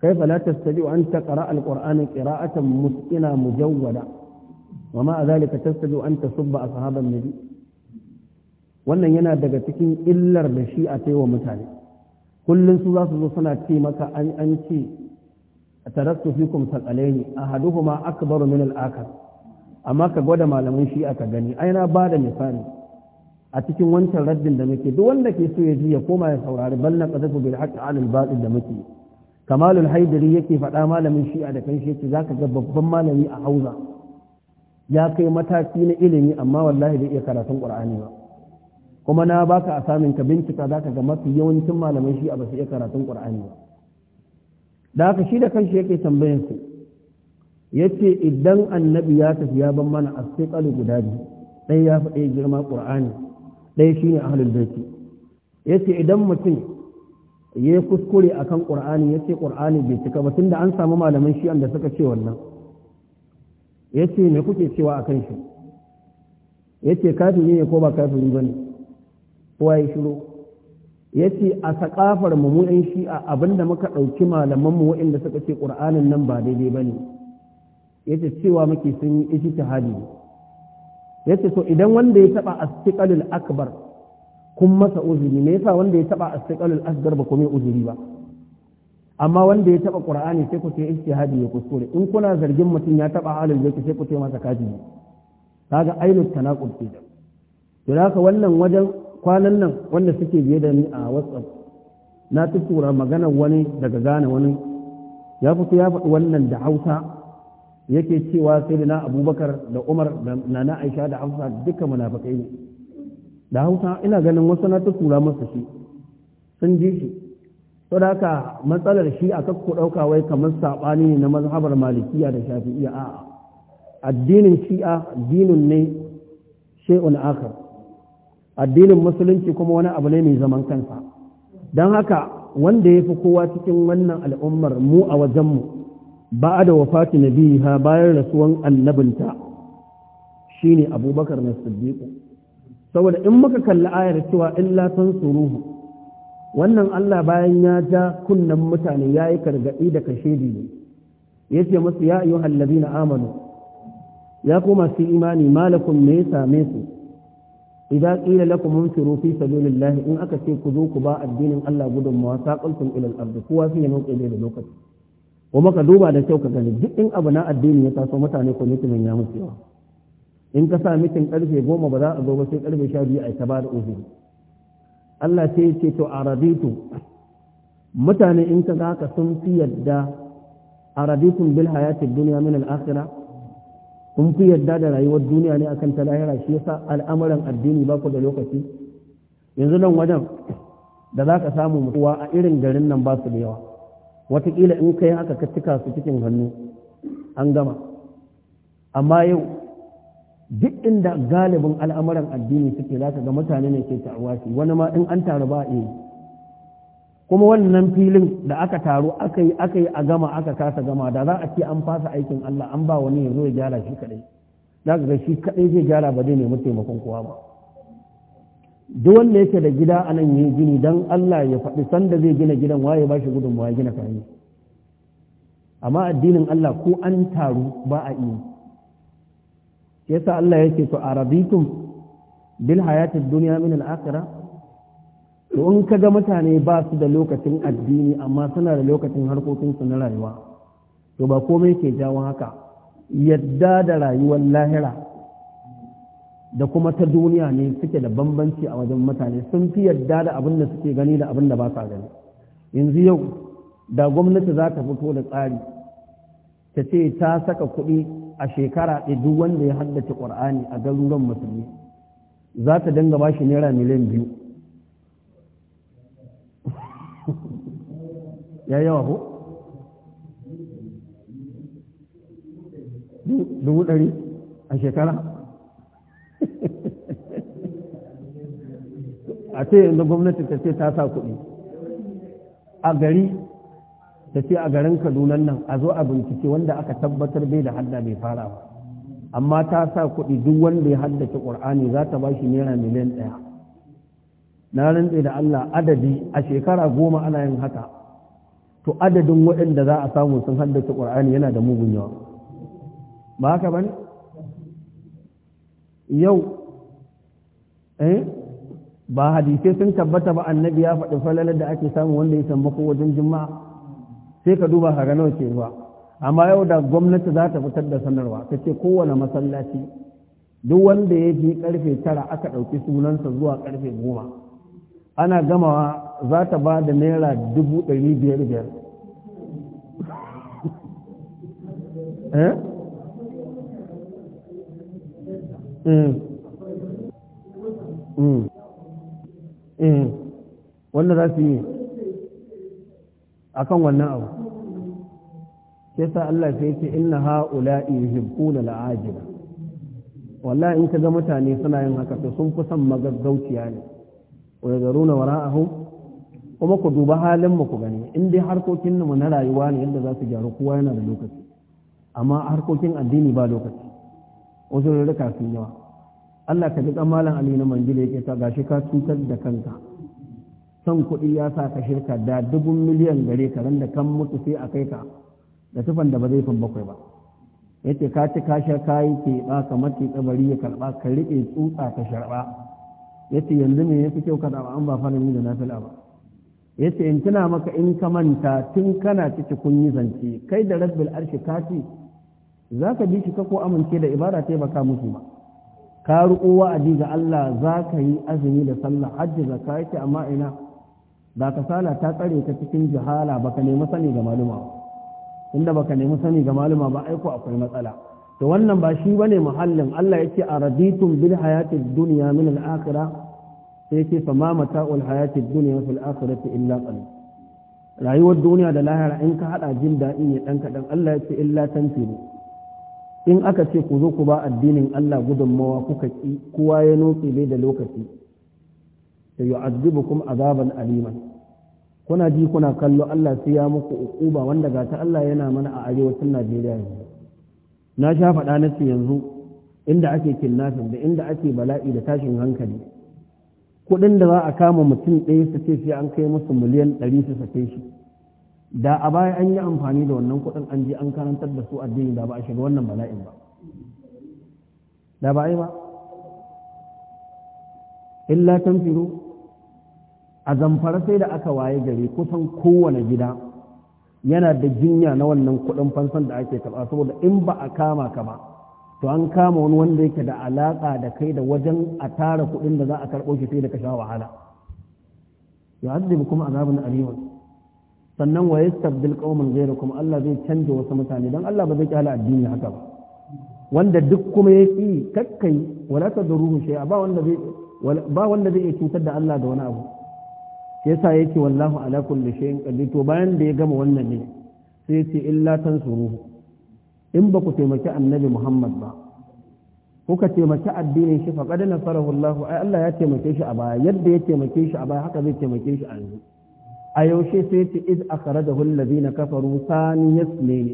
كيف لا تستطيع أن تقرأ القرآن قراءة مسئنة مجودة وما ذلك تستطيع أن تصب أصحاب النبي wannan yana daga cikin illar da shi a wa mutane kullum su za su zo suna ce maka an ce taraktu fikum thaqalaini ma aka min al-akhar amma ka gwada malaman shi aka gani ai na bada misali a cikin wancan raddin da muke duk wanda ke so ya ji ya koma ya saurari bal na qadafu bil haqqi alal batil da muke kamalul haidari yake faɗa malamin shi'a da kan shi zaka ga babban malami a hauza ya kai mataki na ilimi amma wallahi bai iya karatun qur'ani ba kuma na baka a samin ka bincika zaka ga mafi yawancin malaman shi'a ba su iya karatun qur'ani ba da haka shi da kanshi yake tambayan su yace idan annabi ya tafi ya ban mana kalu guda biyu dai ya faɗe girma qur'ani ɗaya shine ahlul baiti yace idan mutum ya kuskure akan qur'ani yace qur'ani bai cika ba tunda an samu malaman shi da suka ce wannan yace me kuke cewa akan shi yace kafiri ne ko ba kafiri bane kowa ya shiru ya ce a sakafar mu yan shi'a abinda muka ɗauki malaman mu waɗanda suka ce ƙur'anin nan ba daidai ba ne ya ce cewa muke sun yi ishi tahadi ya ce so idan wanda ya taɓa astiƙalul akbar kun masa uzuri me yasa wanda ya taɓa astiƙalul asgar ba kuma uzuri ba amma wanda ya taɓa ƙur'ani sai ku ce ijtihadi ya kuskure in kuna zargin mutum ya taɓa halin zai sai ku ce masa kafiri kaga ainul tanaqud kenan to haka wannan wajen kwanan nan wanda suke biye da ni a whatsapp na tura magana wani daga gane wani ya fito ya faɗi wannan da hausa yake cewa sai da na abubakar da umar da na aisha da Hafsa duka munafakai ne da hausa ina ganin wasu na tura masa shi sun ji shi to matsalar shi a kakku ɗauka wai kamar saɓani ne na mazhabar malikiya da shafi'iya a'a addinin shi'a addinin ne shay'un akar. addinin musulunci kuma wani abu ne mai zaman kansa don haka wanda ya fi kowa cikin wannan al'ummar mu a wajenmu ba a da wafati na biyu ha bayan rasuwan annabinta shine abubakar na siddiqu saboda in muka kalli ayar cewa illa suruhu. wannan Allah bayan ya ja kunnan mutane ya yi gargaɗi da kashe ne ya ce masu ya ayyuhal na amanu ya koma su imani malakun me ya same su Iza qila kuma munfiru fi in aka ce ku zo ku ba addinin Allah gudunmawa saqaltum ila al-ard kowa sun yi nauke da lokaci kuma ka duba da kyau ka gani duk in abu na addini ya taso mutane mutumin ya musu yawa in ka sa mutum karfe goma ba za a zo ba sai karfe sha biyu a ta ba da uzuri Allah sai ya ce to araditu mutane in ka ga ka sun fi yadda araditun bil hayatid dunya min al-akhirah kun fi yarda da rayuwar duniya ne akan ta lahira shi yasa al'amuran addini ba ku da lokaci yanzu nan wajen da za ka samu mutuwa a irin garin nan ba su da yawa watakila in kai haka ka cika su cikin hannu an gama amma yau duk inda galibin al'amuran addini suke za ka ga mutane ne ke ta'awashi wani ma in an taru ba a yi kuma wannan filin da aka taru aka yi aka yi a gama aka kasa gama da za a ce an fasa aikin Allah an ba wani ya zo ya gyara shi kadai za ka ga shi kadai zai gyara ba zai nemi taimakon kowa ba duk wanda yake da gida a nan yi gini dan Allah ya faɗi sanda zai gina gidan waye ba shi gudun ya gina kayan amma addinin Allah ko an taru ba a iya yasa Allah yake to arabitum bil hayatid dunya min al-akhirah in ka ga mutane ba su da lokacin addini amma suna da lokacin harkokinsu na rayuwa to ba komai ke jawo haka yadda da rayuwar lahira da kuma ta duniya ne suke da bambanci a wajen mutane sun fi yadda da abin da suke gani da abin da ba sa gani yanzu yau da gwamnati za ta fito da tsari ta ce ta saka kuɗi a shekara ɗaya duk wanda ya haddace ƙur'ani a garuruwan musulmi za ta dinga ba shi naira miliyan biyu ya yi yawa ko dubu ɗari a shekara a ce yanzu gwamnati ta ce ta sa kuɗi a gari ta ce a garin kadunan nan a zo a bincike wanda aka tabbatar bai da hadda bai fara ba amma ta sa kuɗi duk wanda ya haddace ƙur'ani za ta ba shi naira miliyan ɗaya na rantse da allah adadi a shekara goma ana yin haka to adadin waɗanda za a samu sun haddace ƙur'ani yana da mugun yawa ba haka ba ne yau eh ba hadisai sun tabbata ba annabi ya faɗi falalar da ake samu wanda ya ko wajen juma'a sai ka duba ka nawa ke ruwa. amma yau da gwamnati za ta fitar da sanarwa ta ce kowane masallaci duk wanda ya fi karfe tara aka ɗauki sunansa zuwa karfe goma ana gamawa za ta ba da naira dubu ɗari biyar biyar eh? mm. Mm. Mm. wanda za su yi a kan wannan abu ke sa Allah sai ce inna ha'ula'i na al'ajila wallahi in ka ga mutane suna yin haka sai sun fi son magaggauciya ne wa a wara'ahum kuma ku duba halin mu ku gani in dai harkokin mu na rayuwa ne yadda za su gyaru kowa yana da lokaci amma harkokin addini ba lokaci wasu rurruka sun yawa Allah ka ji malam Ali na ya yake ta gashi ka cutar da kanka San kuɗi ya sa ka shirka da dubun miliyan gare ka ran da kan mutu sai a kai ka da tufan da ba zai fin bakwai ba yace ka ci ka sha kayi ke ba ka mace tsabari ya karba ka riƙe tsutsa ka sharba yace yanzu me yafi kyau ka da an ba fara ni da nafila ba ya ce in tuna maka in ka manta tun kana ciki kun yi zance kai da rabbil arshi ka ce za ka bi shi ka ko amince da ibada ta baka musu ba ka riƙo wa'adi ga Allah za ka yi azumi da sallah hajji zakka yake amma ina ba ka sala ta tsare ka cikin jihala ka nemi sani ga maluma inda baka nemi sani ga maluma ba aiko akwai matsala to wannan ba shi bane muhallin Allah yake raditun bil hayatid dunya min al akhirah sai ce fa ma mata'ul hayatid fil akhirati illa qalil rayuwar duniya da lahira in ka hada jin daɗi ne dan kadan Allah ya ce illa tanfiru in aka ce ku zo ku ba addinin Allah gudunmawa kuka ki kowa ya notsi bai da lokaci sai kuma azaban aliman kuna ji kuna kallo Allah sai ya muku ukuba, wanda ga ta Allah yana mana a arewacin Najeriya yanzu na sha faɗa na yanzu inda ake kinnafin da inda ake bala'i da tashin hankali Kudin da za a kama mutum ɗaya su ce sai an kai musu miliyan ɗari su sake shi da a baya an yi amfani da wannan kuɗin an je an karantar da su addini da ba a shiga wannan bala'in ba da ba a yi ba illa tamfiru a zamfara sai da aka waye gari kusan kowane gida yana da jinya na wannan kuɗin fansan da ake karɓa saboda in ba a kama ka ba to an kama wani wanda yake da alaƙa da kai da wajen a tara kuɗin da za a karɓo shi sai da ka sha wahala ya azabi kuma azabin aliman sannan wa yastabdil qauman kuma. Allah zai canja wasu mutane dan Allah ba zai kyala addini haka ba wanda duk kuma ya ki kakkai wala tadruhu shay'a ba wanda zai ba wanda zai cutar da Allah da wani abu yasa yake wallahu ala kulli shay'in qadir to bayan da ya gama wannan ne sai ya ce illa tansuruhu in ba ku taimaki annabi muhammad ba kuka taimaki addinin shi fa qad farahu Allah ai Allah ya taimake shi a baya yadda ya taimake shi a baya haka zai taimake shi a yanzu a yaushe sai ce iz akhrajahu alladhina kafaru saniyasmin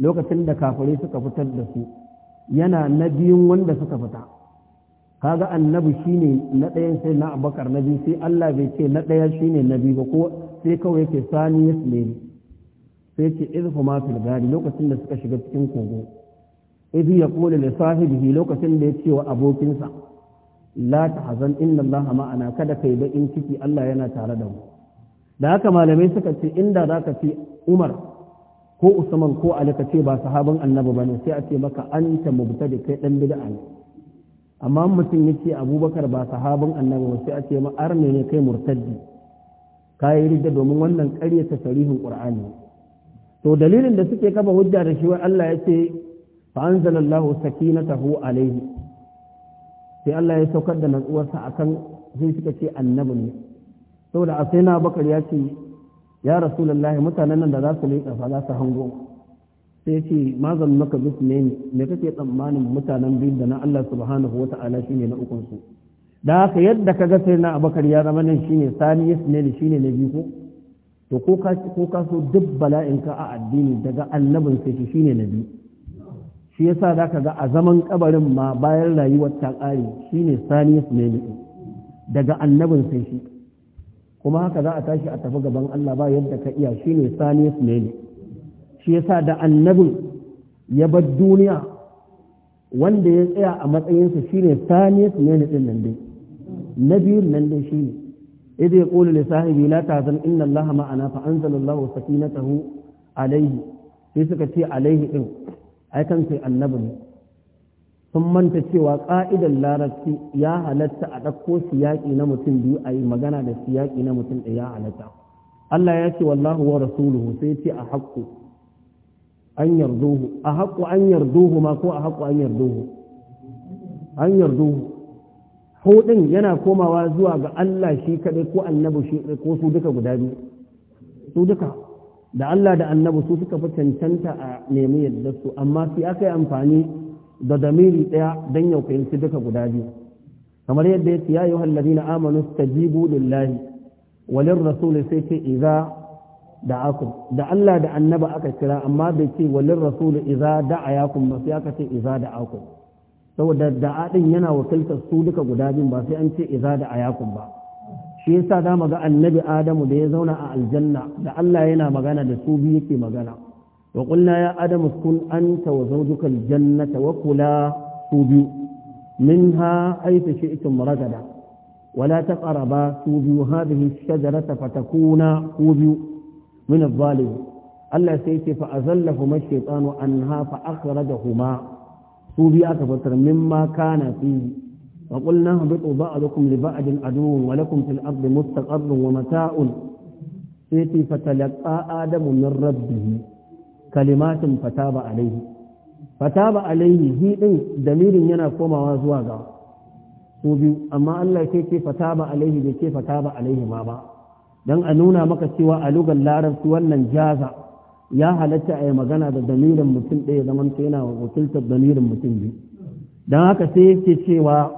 lokacin da kafirai suka fitar da su yana na biyun wanda suka fita kaga annabi shine na ɗayan sai na abakar na biyu sai Allah bai ce na ɗaya shine na biyu ba ko sai kawai yake sani saniyasmin sai ce izhuma fil gari lokacin da suka shiga cikin kogo idh yaqulu li sahibihi lokacin da ya ce wa abokinsa la tahzan inna allaha ma'ana kada kai ba in ciki Allah yana tare da mu da haka malamai suka ce inda zaka ce Umar ko Usman ko Ali ka ce ba sahaban annabi bane sai a ce maka anta mubtadi kai dan bid'a ne amma mutum yace Abubakar ba sahaban annabi ba sai a ce ma arne ne kai murtaddi kai ridda domin wannan ta sarihin Qur'ani to dalilin da suke kafa hujja da shi wai Allah ya ce fa anzalallahu sakinatahu alayhi sai Allah ya saukar da natsuwarsa akan sai suka ce annabi ne saboda a sai na bakar ya ce ya rasulullahi mutanen nan da za su leƙa fa za su hango sai ce ma zannaka bisne me kake tsammanin mutanen biyu da na Allah subhanahu wata'ala shine na ukunsu. da haka yadda kaga sai na abakar ya zama nan shine sani ne shine na biyu ko to ko ka so duk bala'in ka a addini daga annabin sai shi shine nabi shi yasa zaka ga a zaman kabarin ma bayan rayuwar ta kare shine saniyus ne daga annabin sai shi kuma haka za a tashi a tafi gaban Allah ba yadda ka iya shine saniyus ne shi yasa da annabin ya bar duniya wanda ya tsaya a matsayinsa shine saniyus ne din nan dai biyun nan dai shine إذ يقول لصاحبه لا تهزن إن الله معنا فأنزل الله سكينته عليه sai suka ce alaihi ɗin ai sai annabi ne sun manta cewa ƙa'idar larabci ya halatta a ɗauko siyaƙi na mutum biyu a yi magana da siyaƙi na mutum ɗaya ya halatta Allah ya ce wallahu wa rasuluhu sai ce a haƙƙo an yarduhu a an yarduhu ma ko a an yarduhu hudin yana komawa zuwa ga Allah shi kaɗai ko annabi shi ko su duka guda biyu su duka da Allah da annabi su suka fi cancanta a nemi yadda su amma sai aka yi amfani da damiri ɗaya don yaukayin su duka guda biyu kamar yadda ya ce ya yi wahallazi na amanu stajibu lillahi walin rasul sai ce iza da akum da Allah da annaba aka kira amma bai ce walin rasul iza da ayakum ba sai aka ce iza da akum saboda da din yana wakiltar su duka guda biyun ba sai an ce iza da ayakun ba shi yasa za mu ga annabi adamu da ya zauna a aljanna da Allah yana magana da su biyu yake magana wa ya adamu kun anta wa zawjuka aljannata wa kula su biyu minha haythu shi'tum ragada ولا biyu? سوبيو هذه الشجرة فتكونا سوبيو من الظالم الله an فأزلهما الشيطان da huma. su biya aka min mimma kana fi wa qulna habitu ba'dukum li ba'din aduwwun wa lakum fil ardi mustaqarrun wa mata'un sai fatalaqa adamu min rabbih kalimatin fataba Alayhi. fataba Alayhi hi din damirin yana komawa zuwa ga su biyu amma Allah sai ce fataba Alayhi bai ce fataba Alayhi ma ba dan a nuna maka cewa a lugar larabci wannan jaza ya halatta a yi magana da damirin mutum ɗaya zaman ta yana wakiltar damirin mutum biyu don haka sai yake cewa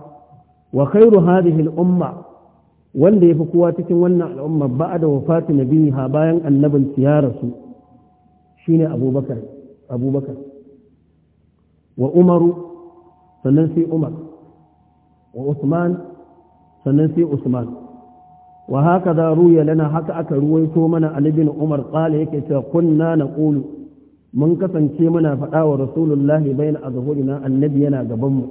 wa khairu hadhihi al-umma wanda yafi kowa cikin wannan al'umma da wafati ha bayan annabin ya rasu shine abubakar abubakar wa umaru sannan sai umar wa usman sannan sai usman wa haka za ruya lana haka aka ruwaito mana alibin umar tsala yake cewa kunna na ƙulu mun kasance mana faɗawa wa baina bayan a zuhurina annabi yana gabanmu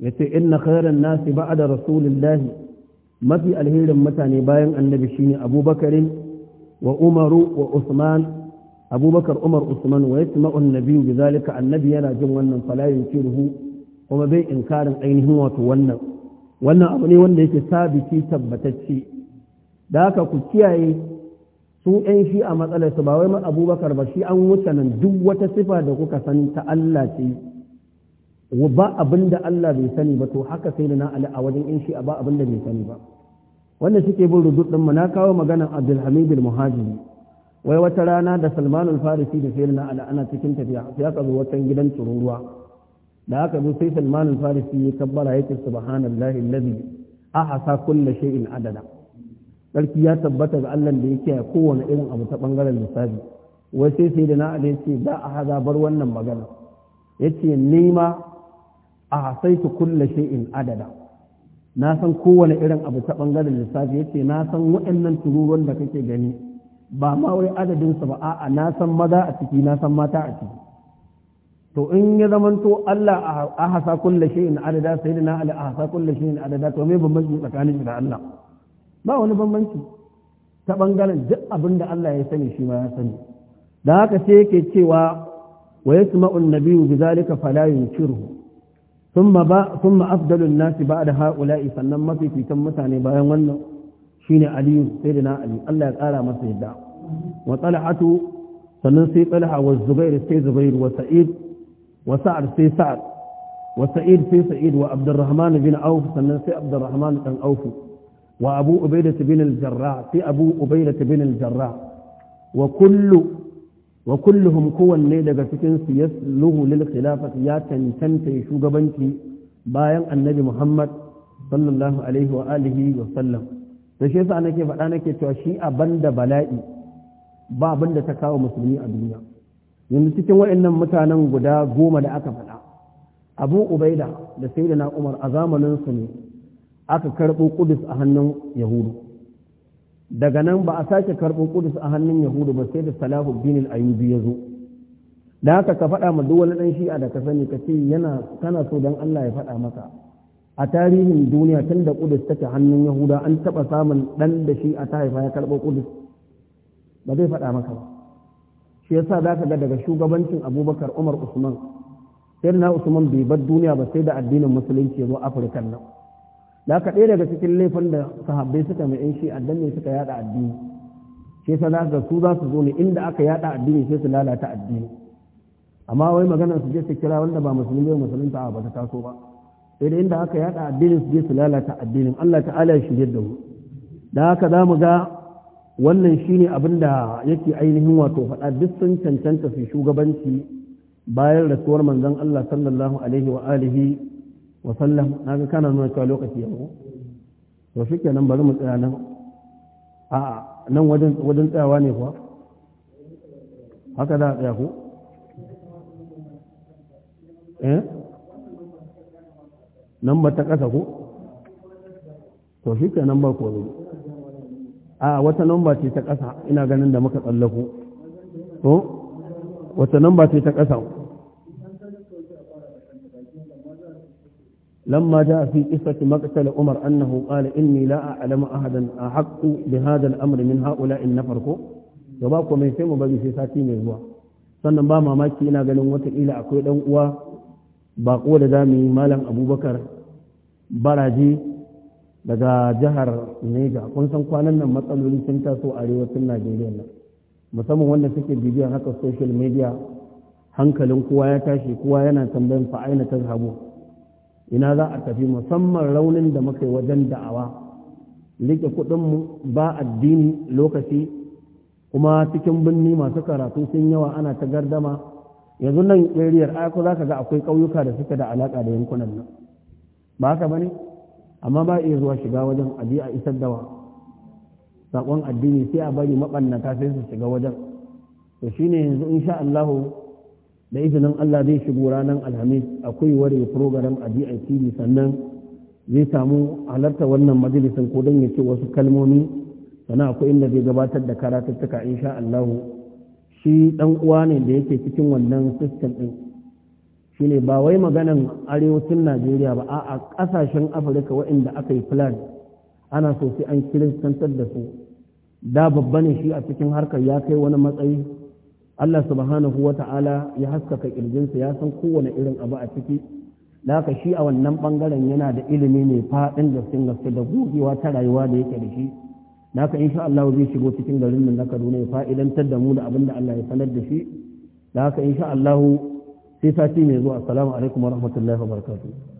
yace ce inna khairan nasi ba da rasulullahi mafi alherin mutane bayan annabi shine abubakarin wa usman abubakar umar usman wa yasma'u annabiyyu annabi yana jin wannan fala yunkiruhu kuma bai inkarin ainihin wato wannan wannan abu ne wanda yake sabiti tabbatacce da haka ku kiyaye su ɗan shi a matsalar su ba wai ma abubakar ba shi an wuce nan duk wata sifa da kuka sani ta Allah ce ba abin da Allah bai sani ba to haka sai da na ali a wajen in shi a ba abin da bai sani ba wanda suke bin rudud din mu na kawo maganar Abdulhamid al-Muhajiri wai wata rana da Salman al-Farisi da Sayyidina Ali ana cikin tafiya sai aka zo wata gidan tururuwa da aka zo sai Salman al-Farisi ya kabbara yake subhanallahi alladhi ahasa kulli shay'in adada sarki ya tabbata ga Allah da yake kowane irin abu ta bangaren lissafi wai sai sai da na yace za a haza bar wannan magana yace ce ma a hasaitu kulle shi'in adada na san kowane irin abu ta bangaren lissafi yace na san waɗannan tururuwan da kake gani ba ma wai adadin su ba a'a na san maza a ciki na san mata a ciki to in ya zamanto Allah a hasa kulle shi'in adada sai da ali a hasa kulle shi'in adada to me bambanci tsakanin shi da Allah ba wani bambanci ta bangaren duk abin da Allah ya sani shi ma ya sani da haka sai yake cewa wa yasma'u an-nabiyyu bidhalika fala yunkiruhu thumma ba thumma afdalun nasi ba'da ha'ula'i sannan mafi mafifitan mutane bayan wannan shine aliyu sayyidina ali Allah ya kara masa yadda wa talhatu sannan sai talha wa zubair sai zubair wa sa'id wa sa'ad sai sa'ad wa sa'id sai sa'id wa abdurrahman bin auf sannan sai abdurrahman dan auf wa abu ubaidatu bin al-jarrah sai abu ubaidatu bin al-jarrah wa kowanne daga cikin su yasluhu lil ya tantance shugabanci bayan annabi Muhammad sallallahu alaihi wa alihi wa sallam da shi yasa nake faɗa nake cewa shi a banda bala'i ba da ta kawo musulmi a duniya yanzu cikin waɗannan mutanen guda goma da aka faɗa abu ubaida da sayyidina umar a zamanin su ne aka karɓo kudus a hannun yahudu daga nan ba a sake karɓo kudus a hannun yahudu ba sai da salahuddin al-ayubi ya zo da haka ka faɗa ma duk wani ɗan shi'a da ka sani ka ce yana kana so don Allah ya faɗa maka a tarihin duniya tun da kudus take hannun yahuda an taɓa samun ɗan da shi'a ta haifa ya karɓo kudus ba zai faɗa maka ba shi yasa za ka ga daga shugabancin abubakar umar usman sai na usman bai bar duniya ba sai da addinin musulunci ya zo afirka nan da ka ɗaya daga cikin laifin da sahabbai suka mai yan shi addan ne suka yada addini shi yasa za su za su zo ne inda aka yada addini sai su lalata addini amma wai maganar su je su kira wanda ba musulmi ba musulunta ba ta taso ba sai da inda aka yada addini su je su lalata addinin Allah ta'ala ya shige da mu da haka za mu ga wannan shine abin da yake ainihin wato faɗa duk sun cancanta su shugabanci bayan rasuwar manzon Allah sallallahu alaihi wa alihi wa sallam na ga kana nuna cewa lokaci yau to shi nan bari mu tsaya nan a nan wajen tsayawa ne kuwa haka za a tsaya ku eh nan ba ta ƙasa ku to shi nan ba ko a wata ba ce ta ƙasa ina ganin da muka tsallaku to wata ba ce ta ƙasa لما جاء في قصة مقتل عمر أنه قال إني لا أعلم a أحق بهذا الأمر من هؤلاء النفر da ba ku mai sai mu bari sai sati mai zuwa sannan ba mamaki yana ganin watakila akwai dan uwa baƙo da za mu yi malam abubakar baraje daga jihar neja kun san kwanan nan matsaloli sun taso a arewacin najeriya nan musamman wanda suke bibiyar haka social midiya hankalin kowa ya tashi kowa yana tambayin fa aina tazhabu ina za a tafi musamman raunin da muka yi wajen da'awa rike kuɗinmu ba addini lokaci kuma cikin birni masu karatu sun yawa ana ta gardama yanzu nan ariyar ayako za ka ga akwai ƙauyuka da suke da alaƙa da yankunan nan ba haka ba ne amma ba iya zuwa shiga wajen aji a isar dawa saƙon addini sai a bari maɓannata sai su shiga wajen to shine yanzu insha Allahu da izinin Allah zai shigo ranar alhamis akwai ware program a DITV sannan zai samu halarta wannan majalisin ko don ya ce wasu kalmomi sannan akwai inda zai gabatar da karatuttuka insha Allah shi dan uwa ne da yake cikin wannan system din shine ba wai maganan arewacin Najeriya ba a'a kasashen Afirka waɗanda aka yi plan ana so sai an kiristantar da su da babba ne shi a cikin harkar ya kai wani matsayi Allah subhanahu wa ta'ala ya haskaka ƙirjinsa ya san kowane irin abu a ciki da shi a wannan ɓangaren yana da ilimi mai faɗin sun gaske da gogewa ta rayuwa da yake da shi da insha Allah zai shigo cikin garin nan na Kaduna ya fa'idantar da mu da abin da Allah ya sanar da shi da haka insha Allah sai sati mai zuwa assalamu alaikum wa rahmatullahi wa barakatuh